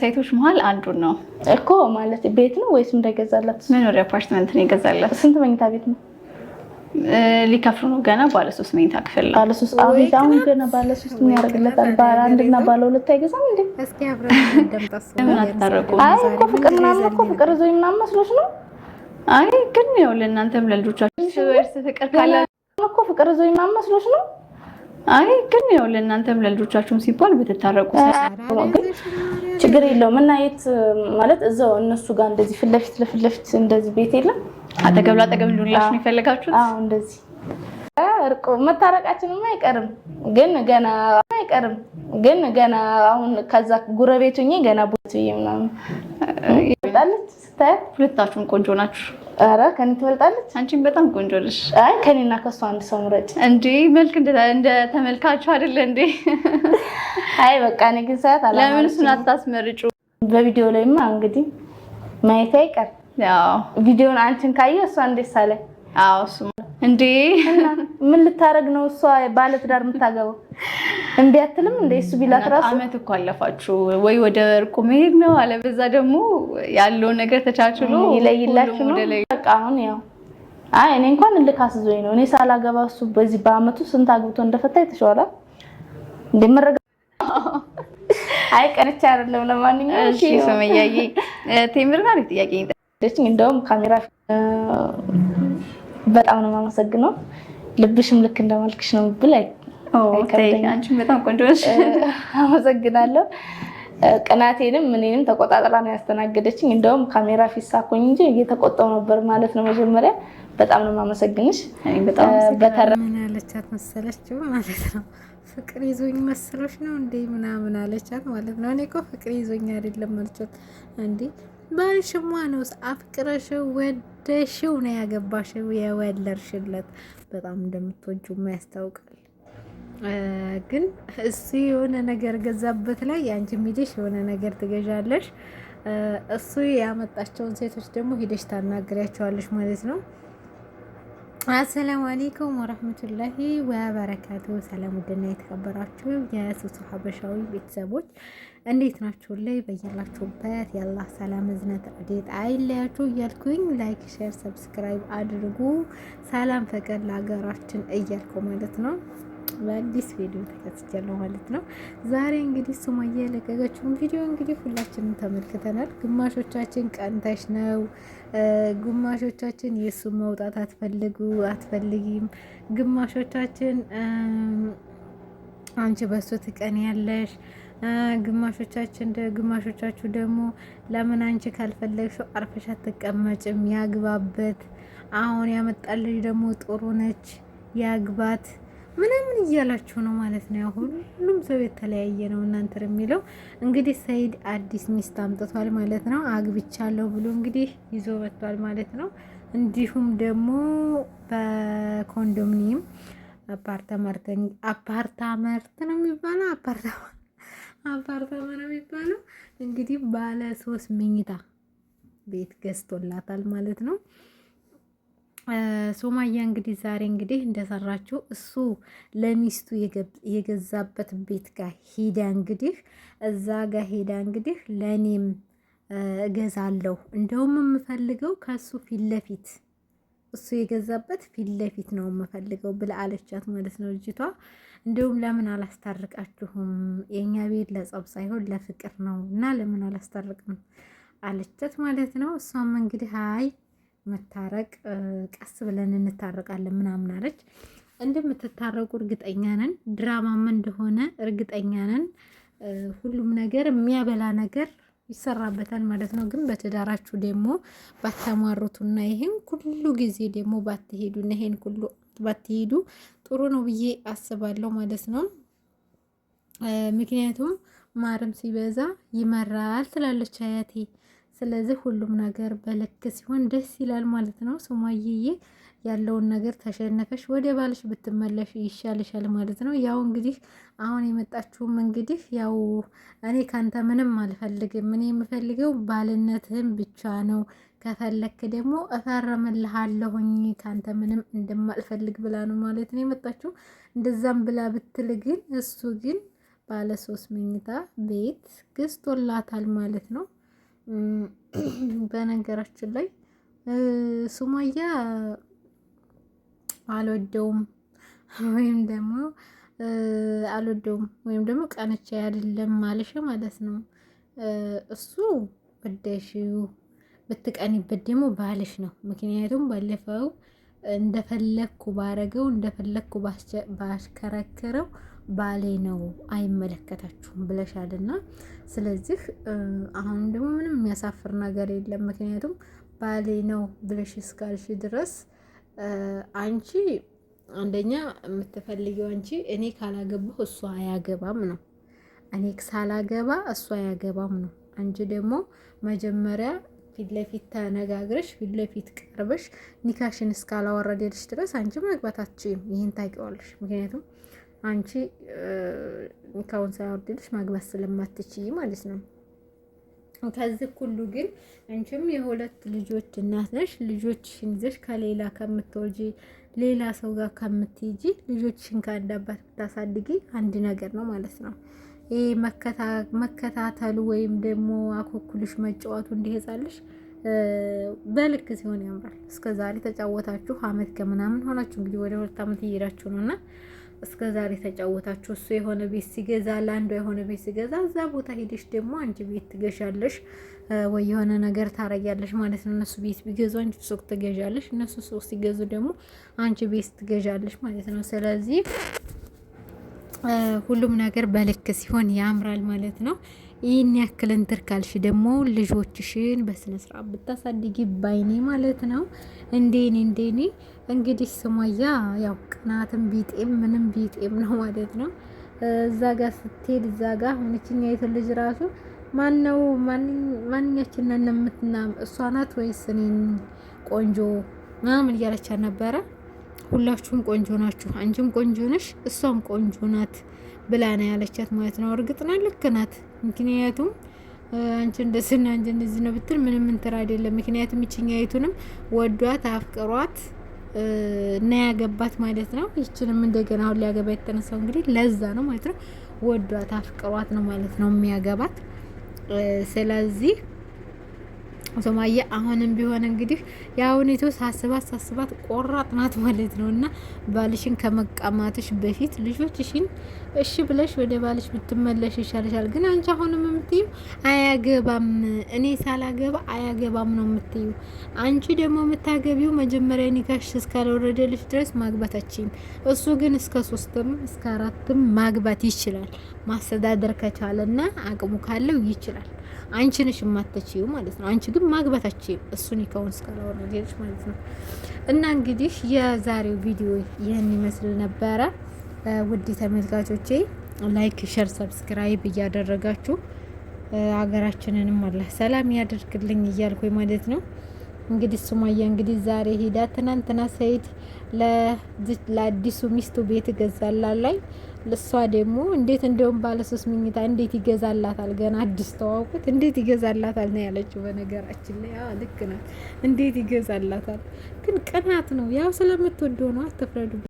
ሴቶች መሀል አንዱን ነው እኮ ማለት ቤት ነው ወይስ እንደገዛላት መኖሪያ አፓርትመንት ነው የገዛላት። ስንት መኝታ ቤት ነው? ሊከፍሉ ነው ገና። ባለሶስት መኝታ ክፍል ነው። ባለሶስት አቤት! አሁን ገና ባለሶስት ምን ያደርግለታል? ባለ አንድና ባለ ሁለት አይገዛም እንዴ? ለምን አትታረቁም? አይ እኮ ፍቅር ምናምን እኮ ፍቅር ዞኝ ምናምን መስሎች ነው። አይ ግን ያው ለእናንተም ለልጆቻችሁ እርስ ፍቅር ካለ እኮ ፍቅር ዞኝ ምናምን መስሎች ነው አይ ግን ያው ለእናንተም ለልጆቻችሁም ሲባል ብትታረቁ ግን ችግር የለውም። እና የት ማለት እዛው እነሱ ጋር እንደዚህ ፊት ለፊት ለፊት እንደዚህ ቤት የለም አጠገብ ላጠገብ ልሁንላችሁ ነው አዎ እንደዚህ እርቁ መታረቃችንም አይቀርም ግን ገና አይቀርም ግን ገና አሁን ከዛ ጉረቤቱኝ ገና ቦት ምናምን ይመጣለች ስታያት ሁለታችሁም ቆንጆ ናችሁ። ኧረ ከኔ ትበልጣለች። አንቺም በጣም ቆንጆ ነሽ። አይ ከኔና ከሱ አንድ ሰው ምረጭ እንዴ። መልክ እንደ ተመልካቹ አይደለ እንዴ? አይ በቃ እኔ ግን ሰዓት አላ ለምን እሱን አታስመርጩ? በቪዲዮ ላይማ እንግዲህ ማየት አይቀር። ያው ቪዲዮን አንቺን ካየ እሷ እንዴት ሳለ አዎ እሱ እንዴ ምን ልታረግ ነው? እሷ ባለትዳር የምታገባው እምቢ አትልም እንዴ? እሱ ቢላት ራሱ አመት እኮ አለፋችሁ ወይ ወደ እርቁ መሄድ ነው፣ አለበዛ ደግሞ ያለውን ነገር ተቻችሎ ይለይላችሁ ነው። በቃ አሁን ያው አይ እኔ እንኳን እልክ አስዞኝ ነው እኔ ሳላገባ እሱ በዚህ በአመቱ ስንት አግብቶ እንደፈታ እንዴ መረጋ አይ ቀንቻ አይደለም። ለማንኛውም እሺ ሱመያዬ ቴምር ጋር ጥያቄ እንደውም ካሜራ በጣም ነው የማመሰግነው። ልብሽም ልክ እንደማልክሽ ነው ብል አይከብደኝም። በጣም ቆንጆ አመሰግናለሁ። ቅናቴንም እኔንም ተቆጣጥራ ነው ያስተናገደችኝ። እንደውም ካሜራ ፊት ሳኮኝ እንጂ እየተቆጠው ነበር ማለት ነው። መጀመሪያ በጣም ነው የማመሰግንሽ። ምን አለቻት መሰለች ማለት ነው ፍቅር ይዞኝ መስሎች ነው እንዴ ምናምን አለቻት ማለት ነው። እኔ እኮ ፍቅር ይዞኝ አይደለም አልቻት እንዴ ባልሽማ ነው አፍቅረሽው ወደሽው ነው ያገባሽው የወለድሽለት። በጣም እንደምትወጂው ያስታውቃል። ግን እሱ የሆነ ነገር ገዛበት ላይ አንቺ ሂደሽ የሆነ ነገር ትገዣለሽ። እሱ ያመጣቸውን ሴቶች ደግሞ ሂደሽ ታናግሪያቸዋለሽ ማለት ነው። አሰላሙ አሌይኩም ወረህመቱላሂ ወበረካቱ። ሰላም ውድና የተከበራችሁ የሱሱ ሀበሻዊ ቤተሰቦች እንዴት ናችሁ? ላይ በየላችሁበት የአላህ ሰላም እዝነት ረዴት አይለያችሁ እያልኩኝ ላይክ፣ ሼር፣ ሰብስክራይብ አድርጉ። ሰላም ፈቀድ ለሀገራችን እያልኩ ማለት ነው። በአዲስ ቪዲዮ ተከስቻለሁ ማለት ነው። ዛሬ እንግዲህ ሱመያ የለቀቀችውን ቪዲዮ እንግዲህ ሁላችንም ተመልክተናል። ግማሾቻችን ቀንተሽ ነው፣ ግማሾቻችን የእሱ መውጣት አትፈልጉ አትፈልጊም፣ ግማሾቻችን አንቺ በሱ ትቀን ያለሽ ግማሾቻችን ግማሾቻችሁ ደግሞ ለምን አንቺ ካልፈለግሽው አርፈሽ አትቀመጭም? ያግባበት። አሁን ያመጣልሽ ደግሞ ጥሩ ነች፣ ያግባት ምናምን እያላችሁ ነው ማለት ነው። ሁሉም ሰው የተለያየ ነው። እናንተ የሚለው እንግዲህ ሰይድ አዲስ ሚስት አምጥቷል ማለት ነው። አግብቻለሁ ብሎ እንግዲህ ይዞ መጥቷል ማለት ነው። እንዲሁም ደግሞ በኮንዶሚኒየም አፓርታመርት ነው የሚባለው አፓርታማ አፓርታማ ነው የሚባለው። እንግዲህ ባለ ሶስት መኝታ ቤት ገዝቶላታል ማለት ነው። ሶማያ እንግዲህ ዛሬ እንግዲህ እንደሰራችው እሱ ለሚስቱ የገዛበት ቤት ጋር ሄዳ እንግዲህ እዛ ጋር ሄዳ እንግዲህ ለእኔም እገዛለሁ እንደውም የምፈልገው ከሱ ፊት ለፊት እሱ የገዛበት ፊት ለፊት ነው የምፈልገው ብላ አለቻት ማለት ነው ልጅቷ። እንዲሁም ለምን አላስታርቃችሁም? የእኛ ቤት ለጸብ ሳይሆን ለፍቅር ነው እና ለምን አላስታርቅም አለቻት ማለት ነው። እሷም እንግዲህ አይ መታረቅ ቀስ ብለን እንታረቃለን ምናምን አለች። እንደምትታረቁ እርግጠኛ ነን፣ ድራማም እንደሆነ እርግጠኛ ነን። ሁሉም ነገር የሚያበላ ነገር ይሰራበታል ማለት ነው። ግን በትዳራችሁ ደግሞ ባታሟርቱና ይህን ሁሉ ጊዜ ደግሞ ባትሄዱና ይሄን ሁሉ ባትሄዱ ጥሩ ነው ብዬ አስባለሁ ማለት ነው። ምክንያቱም ማርም ሲበዛ ይመራል ትላለች አያቴ። ስለዚህ ሁሉም ነገር በልክ ሲሆን ደስ ይላል ማለት ነው። ሱመዬ ያለውን ነገር ተሸነፈሽ ወደ ባልሽ ብትመለሽ ይሻልሻል ማለት ነው። ያው እንግዲህ አሁን የመጣችሁም እንግዲህ ያው እኔ ካንተ ምንም አልፈልግም። እኔ የምፈልገው ባልነትህም ብቻ ነው። ከፈለክ ደግሞ እፈርምልሃለሁኝ ካንተ ምንም እንደማልፈልግ ብላ ነው ማለት ነው የመጣችሁ። እንደዛም ብላ ብትል ግን እሱ ግን ባለ ሶስት መኝታ ቤት ገዝቶላታል ማለት ነው። በነገራችን ላይ ሱማያ አልወደውም ወይም ደግሞ አልወደውም ወይም ደግሞ ቀንቻ አይደለም ማለሽ ማለት ነው። እሱ ወደሽው ብትቀኒበት ደግሞ ባልሽ ነው። ምክንያቱም ባለፈው እንደፈለግኩ ባረገው እንደፈለግኩ ባሽከረክረው ባሌ ነው አይመለከታችሁም ብለሻልና፣ ስለዚህ አሁን ደግሞ ምንም የሚያሳፍር ነገር የለም። ምክንያቱም ባሌ ነው ብለሽ እስካልሽ ድረስ አንቺ አንደኛ የምትፈልጊው አንቺ እኔ ካላገባሁ እሱ አያገባም ነው። እኔ ሳላገባ እሱ አያገባም ነው። አንቺ ደግሞ መጀመሪያ ፊት ለፊት ተነጋግረሽ ፊት ለፊት ቀርበሽ ኒካሽን እስካላወረደልሽ ድረስ አንቺ መግባት አትችይም። ይህን ታውቂዋለሽ። ምክንያቱም አንቺ ኒካውን ሳያወርድልሽ ማግባት ስለማትችይ ማለት ነው። ከዚህ ሁሉ ግን አንቺም የሁለት ልጆች እናት ነሽ። ልጆችሽን ይዘሽ ከሌላ ከምትወልጂ ሌላ ሰው ጋር ከምትሄጂ ልጆችሽን ከአንድ አባት ብታሳድጊ አንድ ነገር ነው ማለት ነው። ይህ መከታተሉ ወይም ደግሞ አኮኩልሽ መጫወቱ እንዲሄጻልሽ በልክ ሲሆን ያምራል። እስከ ዛሬ ተጫወታችሁ አመት ከምናምን ሆናችሁ እንግዲህ ወደ ሁለት አመት እየሄዳችሁ ነው እና እስከ ዛሬ ተጫወታችሁ። እሱ የሆነ ቤት ሲገዛ ለአንዷ የሆነ ቤት ሲገዛ እዛ ቦታ ሄደሽ ደግሞ አንቺ ቤት ትገዣለሽ ወይ የሆነ ነገር ታረጊያለሽ ማለት ነው። እነሱ ቤት ቢገዙ አንቺ ሱቅ ትገዣለሽ፣ እነሱ ሱቅ ሲገዙ ደግሞ አንቺ ቤት ትገዣለሽ ማለት ነው። ስለዚህ ሁሉም ነገር በልክ ሲሆን ያምራል ማለት ነው። ይህን ያክል እንትር ካልሽ ደግሞ ልጆችሽን በስነ ስርዓት ብታሳድጊ ባይኔ ማለት ነው። እንዴኔ እንዴኔ እንግዲህ ስሟያ ያው ቅናትም ቢጤም ምንም ቢጤም ነው ማለት ነው። እዛ ጋ ስትሄድ እዛ ጋ ሆነችኛ የትን ልጅ ራሱ ማነው ማንኛችንን የምትናም እሷ ናት ወይስ እኔን ቆንጆ ምናምን እያለቻ ነበረ። ሁላችሁም ቆንጆ ናችሁ፣ አንቺም ቆንጆ ነሽ፣ እሷም ቆንጆ ናት ብላ ነው ያለቻት ማለት ነው። እርግጥ ነው ልክ ናት። ምክንያቱም አንቺ እንደስና አንቺ እንደዚህ ነው ብትል ምንም እንትን አይደለም። ምክንያቱም ይችኛይቱንም ወዷት አፍቅሯት እና ያገባት ማለት ነው። ይችንም እንደገና አሁን ሊያገባ የተነሳው እንግዲህ ለዛ ነው ማለት ነው። ወዷት አፍቅሯት ነው ማለት ነው የሚያገባት ስለዚህ ሱማያ አሁንም ቢሆን እንግዲህ የአሁኔቱ ሳስባት ሳስባት ቆራጥ ናት ማለት ነው። እና ባልሽን ከመቀማትሽ በፊት ልጆችሽን እሺ ብለሽ ወደ ባልሽ ብትመለሽ ይሻልሻል። ግን አንቺ አሁንም የምትዩ አያገባም፣ እኔ ሳላገባ አያገባም ነው የምትዩ። አንቺ ደግሞ የምታገቢው መጀመሪያ ኒካሽ እስካልወረደልሽ ድረስ ማግባት አችም። እሱ ግን እስከ ሶስትም እስከ አራትም ማግባት ይችላል። ማስተዳደር ከቻለና አቅሙ ካለው ይችላል። አንቺ ነሽ የማትችይው ማለት ነው። አንቺ ግን ማግባታችሁ እሱን ይከውን እስካላወራ ሌሎች ማለት ነው። እና እንግዲህ የዛሬው ቪዲዮ ይህን ይመስል ነበረ። ውድ ተመልካቾቼ ላይክ፣ ሸር፣ ሰብስክራይብ እያደረጋችሁ አገራችንንም አላህ ሰላም ያደርግልኝ እያልኩኝ ማለት ነው። እንግዲህ ሱማያ እንግዲህ ዛሬ ሄዳ ትናንትና ሰይድ ለአዲሱ ሚስቱ ቤት ገዛላ ላይ እሷ ደግሞ እንዴት እንደውም ባለ ባለሶስት ምኝታ እንዴት ይገዛላታል፣ ገና አዲስ ተዋውቁት እንዴት ይገዛላታል ነው ያለችው። በነገራችን ላይ አዎ ልክ ናት። እንዴት ይገዛላታል ግን ቅናት ነው። ያው ስለምትወደው ነው። አትፍረዱ።